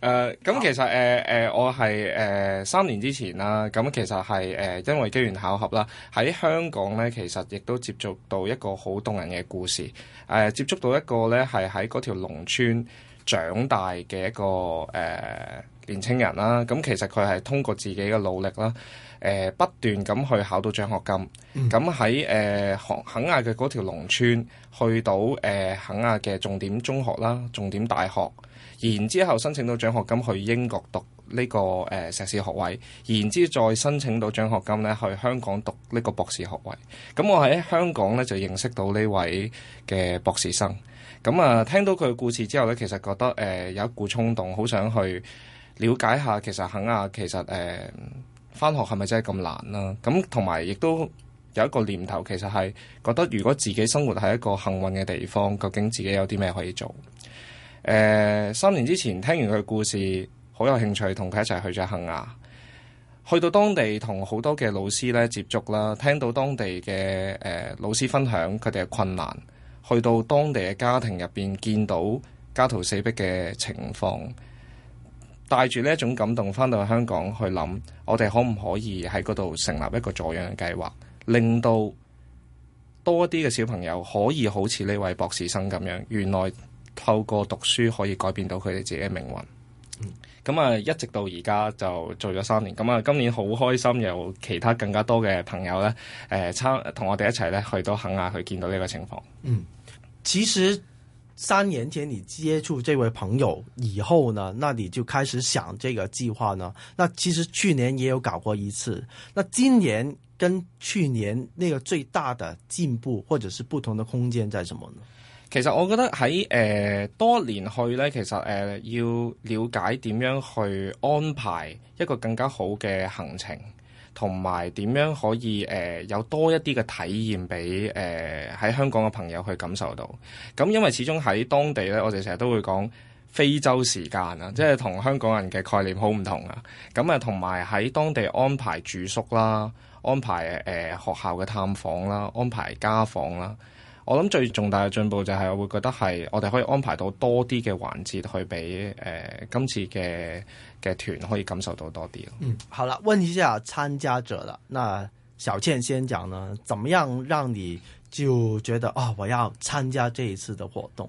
誒，咁、uh, oh. 其實誒誒，uh, uh, 我係誒三年之前啦，咁、uh, 其實係誒、uh, 因為機緣巧合啦，喺香港咧，其實亦都接觸到一個好動人嘅故事，誒、uh, 接觸到一個咧係喺嗰條農村長大嘅一個誒、呃、年青人啦，咁其實佢係通過自己嘅努力啦，誒、呃、不斷咁去考到獎學金，咁喺誒肯亞嘅嗰條農村去到誒肯亞嘅重點中學啦、重點大學，然之後申請到獎學金去英國讀呢、這個誒呃、碩士學位，然之後再申請到獎學金咧去香港讀呢個博士學位。咁我喺香港咧就認識到呢位嘅博士生。咁啊，聽到佢嘅故事之後咧，其實覺得誒、呃、有一股衝動，好想去了解下其實肯亞其實誒返、呃、學係咪真係咁難啦、啊？咁同埋亦都有一個念頭，其實係覺得如果自己生活喺一個幸運嘅地方，究竟自己有啲咩可以做？誒、呃、三年之前聽完佢嘅故事，好有興趣同佢一齊去咗肯亞，去到當地同好多嘅老師咧接觸啦，聽到當地嘅誒、呃、老師分享佢哋嘅困難。去到當地嘅家庭入邊，見到家徒四壁嘅情況，帶住呢一種感動，返到香港去諗，我哋可唔可以喺嗰度成立一個助養嘅計劃，令到多啲嘅小朋友可以好似呢位博士生咁樣，原來透過讀書可以改變到佢哋自己嘅命運。嗯。咁啊，一直到而家就做咗三年。咁啊，今年好開心，有其他更加多嘅朋友咧，誒，參同我哋一齊咧去到肯雅去見到呢個情況。嗯，其實三年前你接觸這位朋友以後呢，那你就開始想這個計劃呢？那其實去年也有搞過一次，那今年跟去年那個最大的進步或者是不同的空間在什麼呢？其實我覺得喺誒、呃、多年去呢，其實誒、呃、要了解點樣去安排一個更加好嘅行程，同埋點樣可以誒、呃、有多一啲嘅體驗俾誒喺香港嘅朋友去感受到。咁、嗯、因為始終喺當地呢，我哋成日都會講非洲時間啊，即係同香港人嘅概念好唔同啊。咁、嗯、啊，同埋喺當地安排住宿啦，安排誒、呃、學校嘅探訪啦，安排家訪啦。我諗最重大嘅進步就係我會覺得係我哋可以安排到多啲嘅環節去俾、呃、今次嘅嘅團可以感受到多啲咯。嗯，好啦，問一下參加者啦，那小倩先講呢，怎麼樣讓你就覺得啊、哦、我要參加這一次嘅活動？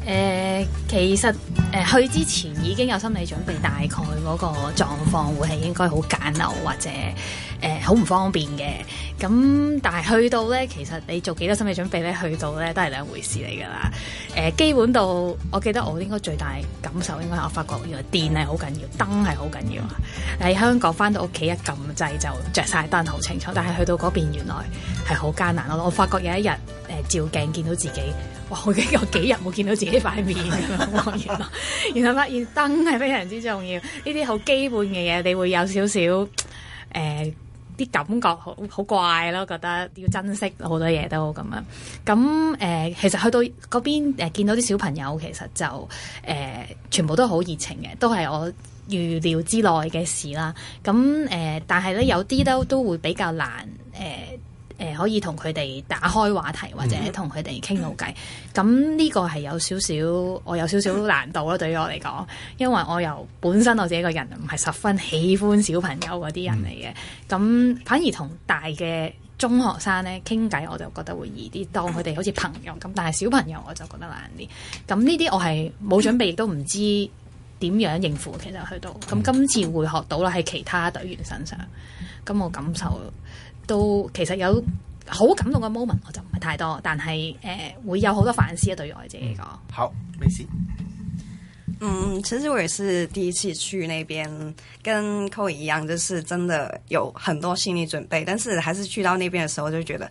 誒、呃，其實誒、呃、去之前已經有心理準備，大概嗰個狀況會係應該好簡陋或者誒好唔方便嘅。咁但係去到咧，其實你做幾多少心理準備咧，去到咧都係兩回事嚟㗎啦。誒、呃，基本到我記得我應該最大感受應該係我發覺原來電係好緊要，燈係好緊要。喺香港翻到屋企一撳掣就着晒燈好清楚，但係去到嗰邊原來係好艱難咯。我發覺有一日。誒照鏡見到自己，哇！我幾有幾日冇見到自己塊面咁樣，然後發現燈係非常之重要，呢啲好基本嘅嘢，你會有少少誒啲感覺，好好怪咯。覺得要珍惜好多嘢都好咁樣。咁誒、呃，其實去到嗰邊誒、呃，見到啲小朋友，其實就誒、呃、全部都好熱情嘅，都係我預料之內嘅事啦。咁誒、呃，但係咧有啲都都會比較難誒。呃誒、呃、可以同佢哋打開話題，或者同佢哋傾到偈。咁呢、嗯、個係有少少，我有少少難度啦、嗯、對於我嚟講，因為我由本身我自己個人唔係十分喜歡小朋友嗰啲人嚟嘅。咁、嗯、反而同大嘅中學生咧傾偈，我就覺得會易啲，當佢哋好似朋友咁。但係小朋友我就覺得難啲。咁呢啲我係冇準備，嗯、亦都唔知點樣應付。其實去到咁今次會學到啦，喺其他隊員身上。咁我感受。都其實有好感動嘅 moment，我就唔係太多，但係誒、呃、會有好多反思啊，對我自己講。好，沒事。嗯，其實我也是第一次去那邊，跟 Cole 一樣，就是真的有很多心理準備，但是還是去到那邊嘅時候，就覺得。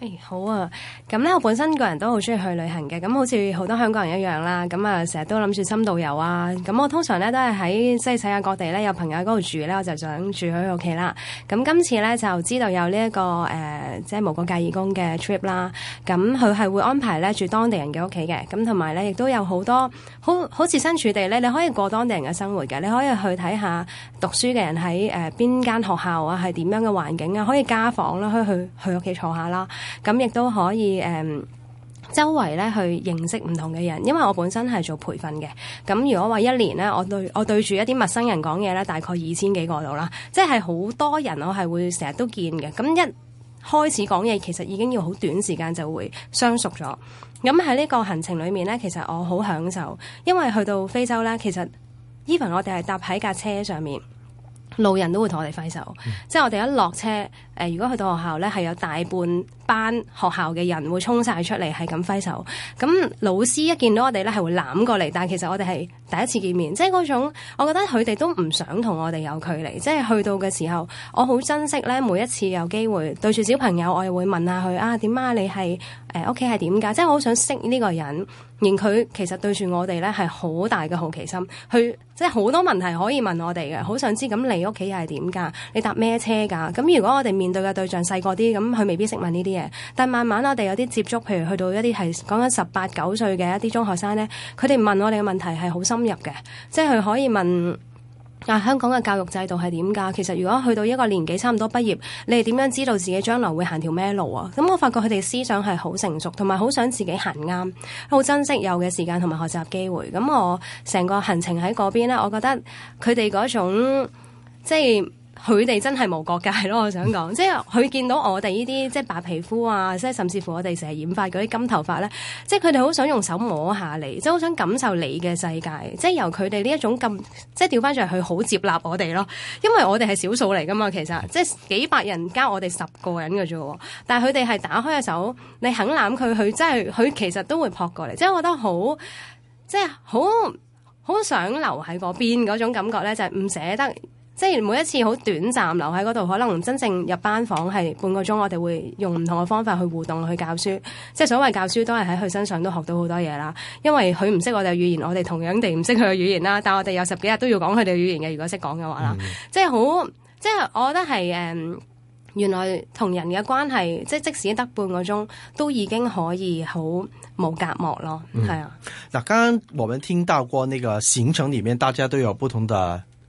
誒、哎，好啊！咁咧，我本身個人都好中意去旅行嘅，咁好似好多香港人一樣啦。咁啊，成、呃、日都諗住深度遊啊。咁我通常咧都係喺即係世界各地咧有朋友喺嗰度住咧，我就想住喺屋企啦。咁今次咧就知道有呢、這、一個誒、呃，即係無國界義工嘅 trip 啦。咁佢係會安排咧住當地人嘅屋企嘅。咁同埋咧亦都有多好多好好似身處地咧，你可以過當地人嘅生活嘅，你可以去睇下讀書嘅人喺誒邊間學校啊，係點樣嘅環境啊，可以家訪啦，可以去去屋企坐下啦。咁亦都可以嗯，周圍咧去認識唔同嘅人，因為我本身係做培訓嘅。咁如果話一年咧，我對我我住一啲陌生人講嘢咧，大概二千幾個度啦，即係好多人我係會成日都見嘅。咁一開始講嘢其實已經要好短時間就會相熟咗。咁喺呢個行程裏面咧，其實我好享受，因為去到非洲咧，其實 even 我哋係搭喺架車上面，路人都會同我哋揮手。嗯，即係我哋一落車，呃，如果去到學校咧，係有大半。班學校嘅人會衝晒出嚟，係咁揮手。咁老師一見到我哋咧，係會攬過嚟。但係其實我哋係第一次見面，即係嗰種，我覺得佢哋都唔想同我哋有距離，即係去到嘅時候，我好珍惜咧，每一次有機會對住小朋友，我又會問下佢啊，點啊？你係誒屋企係點噶，即係我好想識呢個人，而佢其實對住我哋咧，係好大嘅好奇心，佢即係好多問題可以問我哋嘅，好想知，咁你屋企又係點噶，你搭咩車噶，咁如果我哋面對嘅對象細個啲，咁佢未必識問呢啲。但慢慢我哋有啲接觸，譬如去到一啲係講緊十八九歲嘅一啲中學生咧，佢哋問我哋嘅問題係好深入嘅，即係佢可以問啊香港嘅教育制度係點噶？其實如果去到一個年紀差唔多畢業，你哋點樣知道自己將來會行條咩路啊？咁我發覺佢哋思想係好成熟，同埋好想自己行啱，好珍惜有嘅時間同埋學習機會，咁我成個行程喺嗰邊咧，我覺得佢哋嗰種即係。佢哋真係無國界咯！我想講，即係佢見到我哋呢啲即係白皮膚啊，即係甚至乎我哋成日染髮嗰啲金頭髮咧，即係佢哋好想用手摸下你，即係好想感受你嘅世界。即係由佢哋呢一種咁，即係調翻嚟，佢好接納我哋咯。因為我哋係少數嚟噶嘛，其實即係幾百人加我哋十個人㗎啫。但係佢哋係打開嘅手，你肯攬佢，佢真係佢其實都會撲過嚟。即係我覺得好，即係好好想留喺嗰邊嗰種感覺咧，就係唔捨得。即係每一次好短暫留喺嗰度，可能真正入班房係半個鐘，我哋會用唔同嘅方法去互動去教書。即係所謂教書都係喺佢身上都學到好多嘢啦。因為佢唔識我哋嘅語言，我哋同樣地唔識佢嘅語言啦。但係我哋有十幾日都要講佢哋語言嘅，如果識講嘅話啦。嗯、即係好，即係我覺得係誒，原來同人嘅關係，即係即，即使得半個鐘，都已經可以好冇隔膜咯。係、嗯、係啊。嗱，剛剛我們聽到過那個行程裏面，大家都有不同的。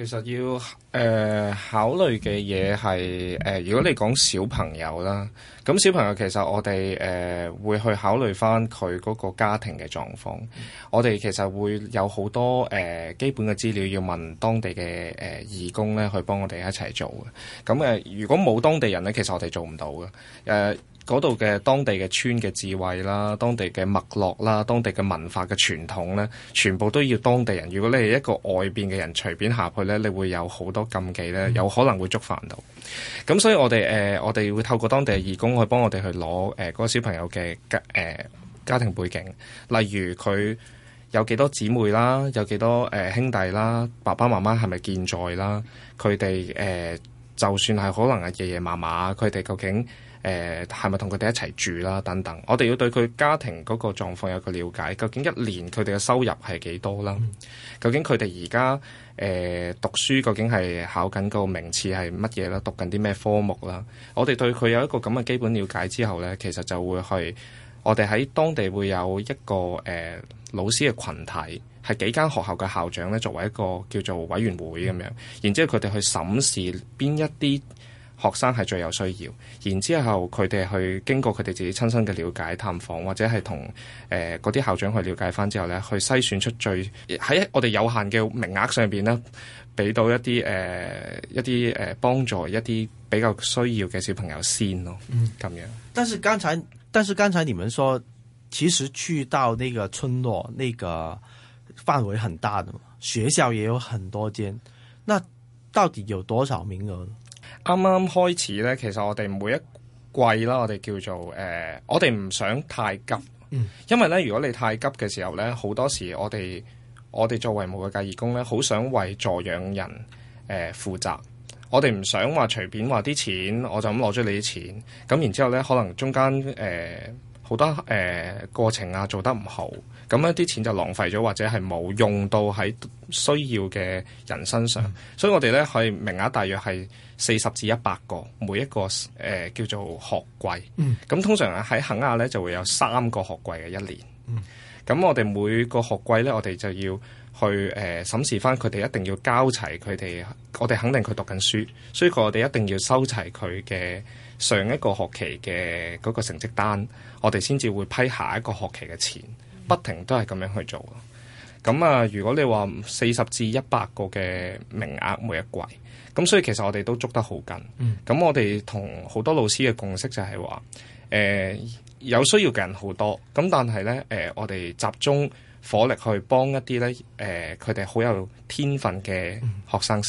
其實要誒、呃、考慮嘅嘢係誒，如果你講小朋友啦，咁小朋友其實我哋誒、呃、會去考慮返佢嗰個家庭嘅狀況。嗯、我哋其實會有好多誒、呃、基本嘅資料要問當地嘅誒、呃、義工咧，去幫我哋一齊做嘅。咁誒、呃，如果冇當地人咧，其實我哋做唔到嘅。誒、呃。嗰度嘅當地嘅村嘅智慧啦，當地嘅脈絡啦，當地嘅文化嘅傳統咧，全部都要當地人。如果你係一個外邊嘅人，隨便下去咧，你會有好多禁忌咧，有可能會觸犯到。咁、嗯、所以我哋誒、呃，我哋會透過當地嘅義工去幫我哋去攞誒嗰個小朋友嘅家、呃、家庭背景，例如佢有幾多姊妹啦，有幾多誒、呃、兄弟啦，爸爸媽媽係咪健在啦，佢哋誒。呃就算係可能係爺爺嫲嫲，佢哋究竟誒係咪同佢哋一齊住啦、啊？等等，我哋要對佢家庭嗰個狀況有個了解。究竟一年佢哋嘅收入係幾多啦？嗯、究竟佢哋而家誒讀書究竟係考緊嗰個名次係乜嘢啦？讀緊啲咩科目啦？我哋對佢有一個咁嘅基本了解之後呢，其實就會係我哋喺當地會有一個誒、呃、老師嘅群體。係幾間學校嘅校長咧，作為一個叫做委員會咁樣，然之後佢哋去審視邊一啲學生係最有需要，然之後佢哋去經過佢哋自己親身嘅了解、探訪，或者係同誒嗰啲校長去了解翻之後咧，去篩選出最喺我哋有限嘅名額上邊咧，俾到一啲誒、呃、一啲誒幫助一啲比較需要嘅小朋友先咯，嗯，咁樣。但是剛才，但是剛才你們說，其實去到呢個村落，呢、那個。範圍很大的，學校也有很多間，那到底有多少名額？啱啱開始咧，其實我哋每一季啦，我哋叫做誒、呃，我哋唔想太急，嗯，因為咧，如果你太急嘅時候咧，好多時我哋我哋作為無國界義工咧，好想為助養人誒、呃、負責，我哋唔想話隨便話啲錢，我就咁攞咗你啲錢，咁然之後咧，可能中間誒。呃好多誒、呃、過程啊做得唔好，咁一啲錢就浪費咗，或者係冇用到喺需要嘅人身上。嗯、所以我哋咧，可以名額大約係四十至一百個，每一個、呃、叫做學期。咁、嗯、通常喺肯亞咧就會有三個學期嘅一年。咁、嗯、我哋每個學期咧，我哋就要。去誒、呃、審視翻佢哋，一定要交齊佢哋，我哋肯定佢讀緊書，所以佢，我哋一定要收齊佢嘅上一個學期嘅嗰個成績單，我哋先至會批下一個學期嘅錢。不停都係咁樣去做。咁啊，如果你話四十至一百個嘅名額每一季，咁所以其實我哋都捉得好緊。咁我哋同好多老師嘅共識就係話，誒、呃、有需要嘅人好多，咁但係咧、呃、我哋集中。火力去幫一啲咧、誒、佢哋好有天分嘅學生。嗯